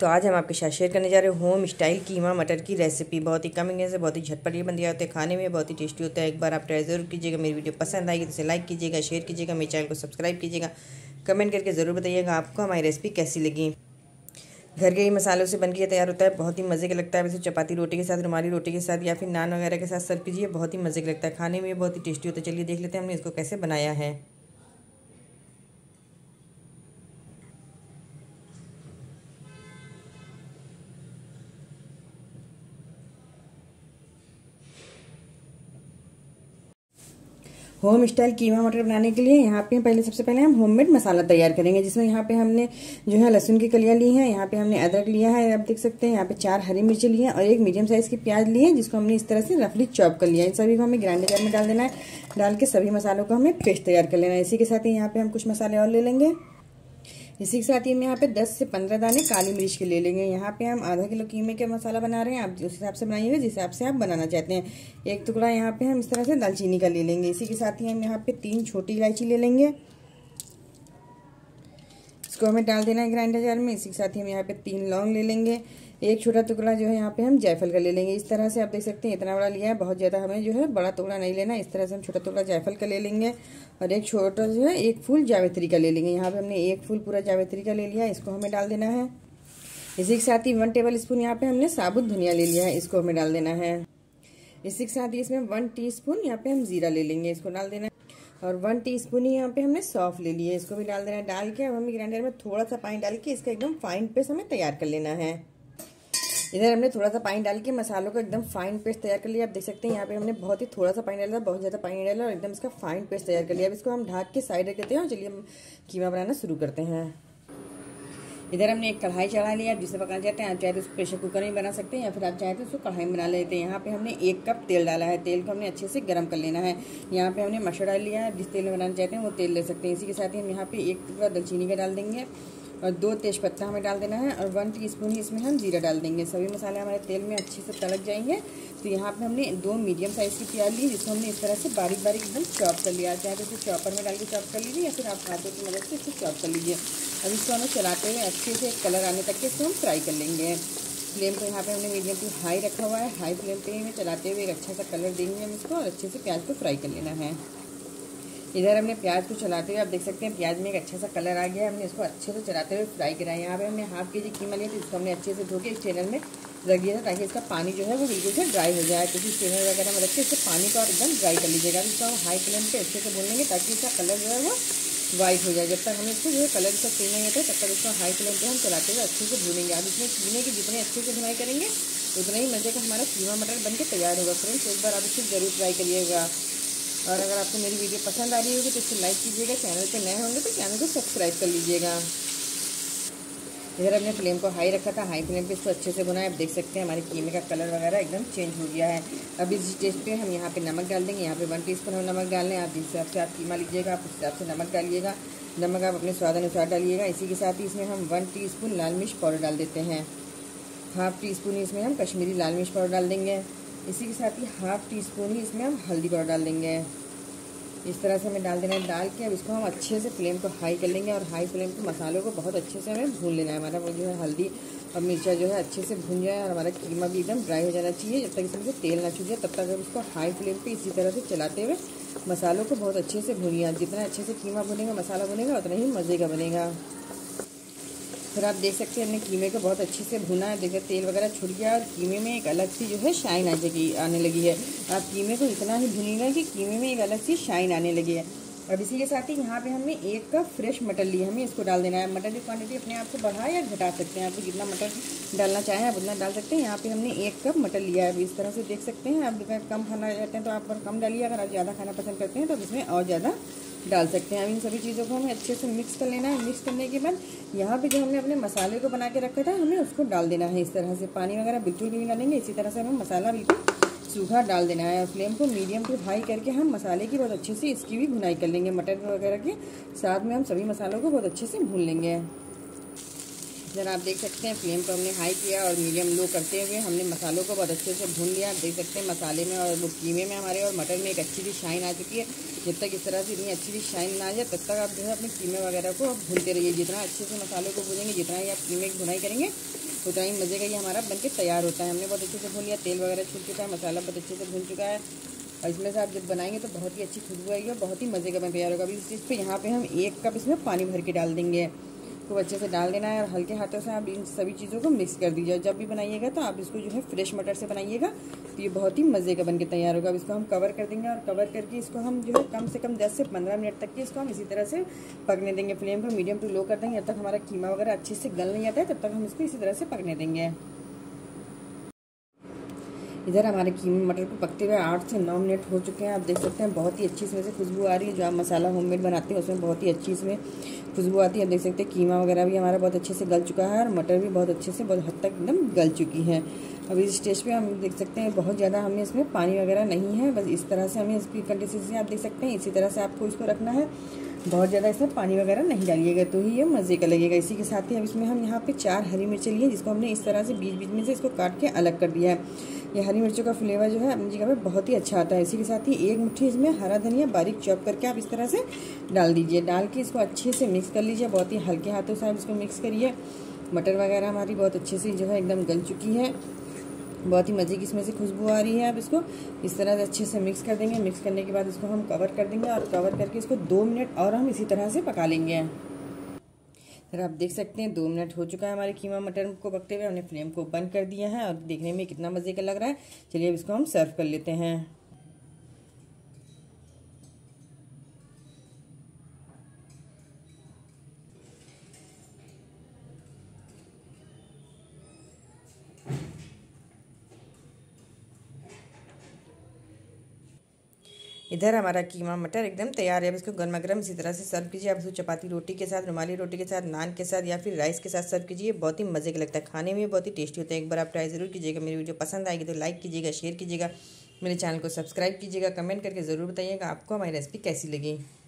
तो आज हम आपके साथ शेयर करने जा रहे हैं होम स्टाइल कीमा मटर की रेसिपी बहुत ही कम इंग्रेडिएंट से बहुत ही झटपट ये बन गया होता है खाने में बहुत ही टेस्टी होता है एक बार आप ट्राई जरूर कीजिएगा मेरी वीडियो पसंद आएगी तो इसे लाइक कीजिएगा शेयर कीजिएगा मेरे चैनल को सब्सक्राइब कीजिएगा कमेंट करके ज़रूर बताइएगा आपको हमारी रेसिपी कैसी लगी घर के ही मसालों से बन के तैयार होता है बहुत ही मज़े का लगता है वैसे चपाती रोटी के साथ रुमाली रोटी के साथ या फिर नान वगैरह के साथ सर्व कीजिए बहुत ही मज़े का लगता है खाने में बहुत ही टेस्टी होता है चलिए देख लेते हैं हमने इसको कैसे बनाया है होम स्टाइल कीमा मटर बनाने के लिए यहाँ पे पहले सबसे पहले हम होममेड मसाला तैयार करेंगे जिसमें यहाँ पे हमने जो है लहसुन की कलियाँ ली हैं यहाँ पे हमने अदरक लिया है आप देख सकते हैं यहाँ पे चार हरी मिर्ची ली हैं और एक मीडियम साइज़ की प्याज ली है जिसको हमने इस तरह से रफली चॉप कर लिया है सभी को हमें ग्राइंडर जार में डाल देना है डाल के सभी मसालों को हमें पेस्ट तैयार कर लेना है इसी के साथ ही यहाँ पे हम कुछ मसाले और ले लेंगे इसी के साथ ही हम यहाँ पे 10 से 15 दाने काली मिर्च के ले लेंगे यहाँ पे हम आधा किलो कीमे के मसाला बना रहे हैं आप उस हिसाब से बनाइए जिस हिसाब से आप बनाना चाहते हैं एक टुकड़ा यहाँ पे हम इस तरह से दालचीनी का ले लेंगे इसी के साथ ही हम यहाँ पे तीन छोटी इलायची ले लेंगे इसको हमें डाल देना है ग्राइंडर जार में इसी के साथ ही हम यहाँ पे तीन लौंग ले लेंगे एक छोटा टुकड़ा जो है यहाँ पे हम जायफल का ले लेंगे इस तरह से आप देख सकते हैं इतना बड़ा लिया है बहुत ज़्यादा हमें जो है बड़ा टुकड़ा नहीं लेना इस तरह से हम छोटा टुकड़ा जायफल का ले लेंगे और एक छोटा जो है एक फूल जावेत्री का ले लेंगे यहाँ पे हमने एक फूल पूरा जावेत्री का ले लिया इसको हमें डाल देना है इसी के साथ ही वन टेबल स्पून यहाँ पे हमने साबुत धनिया ले लिया है इसको हमें डाल देना है इसी के साथ ही इसमें वन टी स्पून यहाँ पे हम जीरा ले लेंगे इसको डाल देना और वन टी स्पून ही यहाँ पे हमने सौफ़ ले लिया है इसको भी डाल देना है डाल के अब हमें ग्राइंडर में थोड़ा सा पानी डाल के इसका एकदम फाइन पेस्ट हमें तैयार कर लेना है इधर हमने थोड़ा सा पानी डाल के मसालों का एकदम फाइन पेस्ट तैयार कर लिया आप देख सकते हैं यहाँ पे हमने बहुत ही थोड़ा सा पानी डाला बहुत ज़्यादा पानी डाला और एकदम इसका फाइन पेस्ट तैयार कर लिया अब इसको हम ढाक के साइड रख देते हैं और चलिए हम कीमा बनाना शुरू करते हैं इधर हमने एक कढ़ाई चढ़ा लिया जिसे पकाना चाहते हैं आप चाहे तो उसको प्रेशर कुकर में बना सकते हैं या फिर आप चाहे तो उसको कढ़ाई में बना लेते हैं यहाँ पे हमने एक कप तेल डाला है तेल को हमने अच्छे से गर्म कर लेना है यहाँ पे हमने मशा डाल लिया है जिस तेल में बनाना चाहते हैं वो तेल ले सकते हैं इसी के साथ ही हम यहाँ पे एक टुकड़ा दालचीनी का डाल देंगे और दो तेज़पत्ता हमें डाल देना है और वन टीस्पून ही इसमें हम जीरा डाल देंगे सभी मसाले हमारे तेल में अच्छे से तड़क जाएंगे तो यहाँ पे हमने दो मीडियम साइज़ की प्याज ली जिसको हमने इस तरह से बारीक बारीक एकदम चॉप कर लिया चाहे तो इसे चॉपर में डाल के चॉप कर लीजिए या फिर आप हाथों की मदद से इसे चॉप कर लीजिए अब इसको हमें चलाते हुए अच्छे से कलर आने तक के इसको हम फ्राई कर लेंगे फ्लेम को यहाँ पर हमने मीडियम टू हाई रखा हुआ है हाई फ्लेम पर ही हमें चलाते हुए एक अच्छा सा कलर देंगे हम इसको और अच्छे से प्याज को फ्राई कर लेना है इधर हमने प्याज को चलाते हुए आप देख सकते हैं प्याज में एक अच्छा सा कलर आ गया है हमने इसको अच्छे से चलाते हुए फ्राई करा है यहाँ पे हमने हाफ के जी कीमा लिया था इसको हमने अच्छे से धो के इस चैनल में रख दिया था ताकि इसका पानी जो है वो बिल्कुल से ड्राई हो जाए क्योंकि चैनल वगैरह में रखे इससे पानी को आप एकदम ड्राई कर लीजिएगा इसको हम हाई फ्लेम पर अच्छे से भूनेंगे ताकि इसका कलर जो है वो वाइट हो जाए जब तक हमें इसको जो है कलर इसका चीन नहीं होता तब तक इसको हाई फ्लेम पर हम चलाते हुए अच्छे से भूनेंगे आप इसमें चीने की जितने अच्छे से भुनाई करेंगे उतना ही मजे का हमारा कीमा मटर बन के तैयार होगा फ्रेंड्स एक बार आप इसको जरूर ट्राई करिएगा और अगर आपको मेरी वीडियो पसंद आ रही होगी तो इसे लाइक कीजिएगा चैनल पर नए होंगे तो चैनल को सब्सक्राइब कर लीजिएगा इधर हमने फ्लेम को हाई रखा था हाई फ्लेम पे इसको अच्छे से बुनाए आप देख सकते हैं हमारे कीमे का कलर वगैरह एकदम चेंज हो गया है अब इस टेस्ट पे हम यहाँ पे नमक डाल देंगे यहाँ पे वन टीस्पून हम नमक डाल लें आप जिस हिसाब से आप कीमा लीजिएगा आप उस हिसाब से नमक डालिएगा नमक आप अपने स्वाद अनुसार डालिएगा इसी के साथ ही इसमें हम वन टी लाल मिर्च पाउडर डाल देते हैं हाफ टी स्पून इसमें हम कश्मीरी लाल मिर्च पाउडर डाल देंगे इसी के साथ ही हाफ टी स्पून ही इसमें हम हल्दी पाउडर डाल देंगे इस तरह से हमें डाल देना है डाल के अब इसको हम अच्छे से फ्लेम को हाई कर लेंगे और हाई फ्लेम के मसालों को बहुत अच्छे से हमें भून लेना है हमारा वो जो है हल्दी और मिर्चा जो है अच्छे से भून जाए और हमारा कीमा भी एकदम ड्राई हो जाना चाहिए जब तक इसमें से तेल ना छूट जाए तब तक हम इसको हाई फ्लेम पर इसी तरह से चलाते हुए मसालों को बहुत अच्छे से भूनिए जितना अच्छे से कीमा भुनेगा मसाला भुनेगा उतना ही मज़े का बनेगा फिर आप देख सकते हैं हमने कीमे को बहुत अच्छे से भुना है देखिए तेल वगैरह छुट गया और कीमे में एक अलग सी जो है शाइन आ जाएगी आने लगी है आप कीमे को इतना ही भुनी कि कीमे में एक अलग सी शाइन आने लगी है अब इसी के साथ ही यहाँ पे हमने एक कप फ्रेश मटर ली हमें इसको डाल देना है मटर की क्वांटिटी अपने आप से बढ़ा या घटा सकते हैं आपको तो जितना मटर डालना चाहें आप उतना डाल सकते हैं यहाँ पे हमने एक कप मटर लिया है अब इस तरह से देख सकते हैं आप अगर कम खाना चाहते हैं तो आप कम डालिए अगर आप ज़्यादा खाना पसंद करते हैं तो इसमें और ज़्यादा डाल सकते हैं अब इन सभी चीज़ों को हमें अच्छे से मिक्स कर लेना है मिक्स करने के बाद यहाँ पे जो हमने अपने मसाले को बना के रखा था हमें उसको डाल देना है इस तरह से पानी वगैरह बिल्कुल भी नहीं डालेंगे इसी तरह से हमें मसाला बिल्कुल सूखा डाल देना है फ्लेम को मीडियम टू हाई करके हम मसाले की बहुत अच्छे से इसकी भी भुनाई कर लेंगे मटर वगैरह के साथ में हम सभी मसालों को बहुत अच्छे से भून लेंगे जरा आप देख सकते हैं फ्लेम को हमने हाई किया और मीडियम लो करते हुए हमने मसालों को बहुत अच्छे से भून लिया आप देख सकते हैं मसाले में और वो कीमे में हमारे और मटर में एक अच्छी सी शाइन आ चुकी है जब तक इस तरह से इतनी अच्छी सी शाइन ना आ जाए तब तक आप जो है अपने कीमे वगैरह को भूनते रहिए जितना अच्छे से मसालों को भूनेंगे जितना ही आप कीमे की भुनाई करेंगे तो दही मज़े का ये हमारा बनके तैयार होता है हमने बहुत अच्छे से भून लिया तेल वगैरह छूट चुका है मसाला बहुत अच्छे से भून चुका है और इसमें से आप जब बनाएंगे तो बहुत ही अच्छी खुशबू आएगी और बहुत ही मज़े का बन तैयार होगा अभी इस चीज़ पर यहाँ पर हम एक कप इसमें पानी भर के डाल देंगे खूब अच्छे से डाल देना है और हल्के हाथों से आप इन सभी चीज़ों को मिक्स कर दीजिए जब भी बनाइएगा तो आप इसको जो है फ्रेश मटर से बनाइएगा तो ये बहुत ही मज़े का बन के तैयार होगा अब इसको हम कवर कर देंगे और कवर करके इसको हम जो है कम से कम दस से पंद्रह मिनट तक के इसको हम इसी तरह से पकने देंगे फ्लेम को मीडियम टू लो कर देंगे जब तक हमारा कीमा वगैरह अच्छे से गल नहीं आता है तब तक हम इसको इसी तरह से पकने देंगे इधर हमारे कीमे मटर को पकते हुए आठ से नौ मिनट हो चुके हैं आप देख सकते हैं बहुत ही अच्छी इसमें से खुशबू आ रही है जो आप मसाला होममेड बनाते हैं उसमें बहुत ही अच्छी इसमें खुशबू आती है आप देख सकते हैं कीमा वगैरह भी हमारा बहुत अच्छे से गल चुका है और मटर भी बहुत अच्छे से बहुत हद तक एकदम गल चुकी है अब इस स्टेज पर हम देख सकते हैं बहुत ज़्यादा हमें इसमें पानी वगैरह नहीं है बस इस तरह से हमें इसकी कंडीशन आप देख सकते हैं इसी तरह से आपको इसको रखना है बहुत ज़्यादा इसमें पानी वगैरह नहीं डालिएगा तो ही ये मज़े का लगेगा इसी के साथ ही अब इसमें हम यहाँ पे चार हरी मिर्चें लिए जिसको हमने इस तरह से बीच बीच में से इसको काट के अलग कर दिया है ये हरी मिर्चों का फ्लेवर जो है अपनी जगह पर बहुत ही अच्छा आता है इसी के साथ ही एक मुट्ठी इसमें हरा धनिया बारीक चॉप करके आप इस तरह से डाल दीजिए डाल के इसको अच्छे से मिक्स कर लीजिए बहुत ही हल्के हाथों से आप इसको मिक्स करिए मटर वगैरह हमारी बहुत अच्छे से जो है एकदम गल चुकी है बहुत ही मज़े की इसमें से खुशबू आ रही है आप इसको इस तरह से अच्छे से मिक्स कर देंगे मिक्स करने के बाद इसको हम कवर कर देंगे और कवर करके इसको दो मिनट और हम इसी तरह से पका लेंगे सर आप देख सकते हैं दो मिनट हो चुका है हमारे कीमा मटन को पकते हुए हमने फ्लेम को बंद कर दिया है और देखने में कितना मज़े का लग रहा है चलिए अब इसको हम सर्व कर लेते हैं इधर हमारा कीमा मटर एकदम तैयार है अब इसको गर्मा गर्म इसी तरह से सर्व कीजिए आप इसको चपाती रोटी के साथ रुमाली रोटी के साथ नान के साथ या फिर राइस के साथ सर्व कीजिए बहुत ही मज़े का लगता है खाने में बहुत ही टेस्टी होता है एक बार आप ट्राई ज़रूर कीजिएगा मेरी वीडियो पसंद आएगी तो लाइक कीजिएगा शेयर कीजिएगा मेरे चैनल को सब्सक्राइब कीजिएगा कमेंट करके ज़रूर बताइएगा आपको हमारी रेसिपी कैसी लगी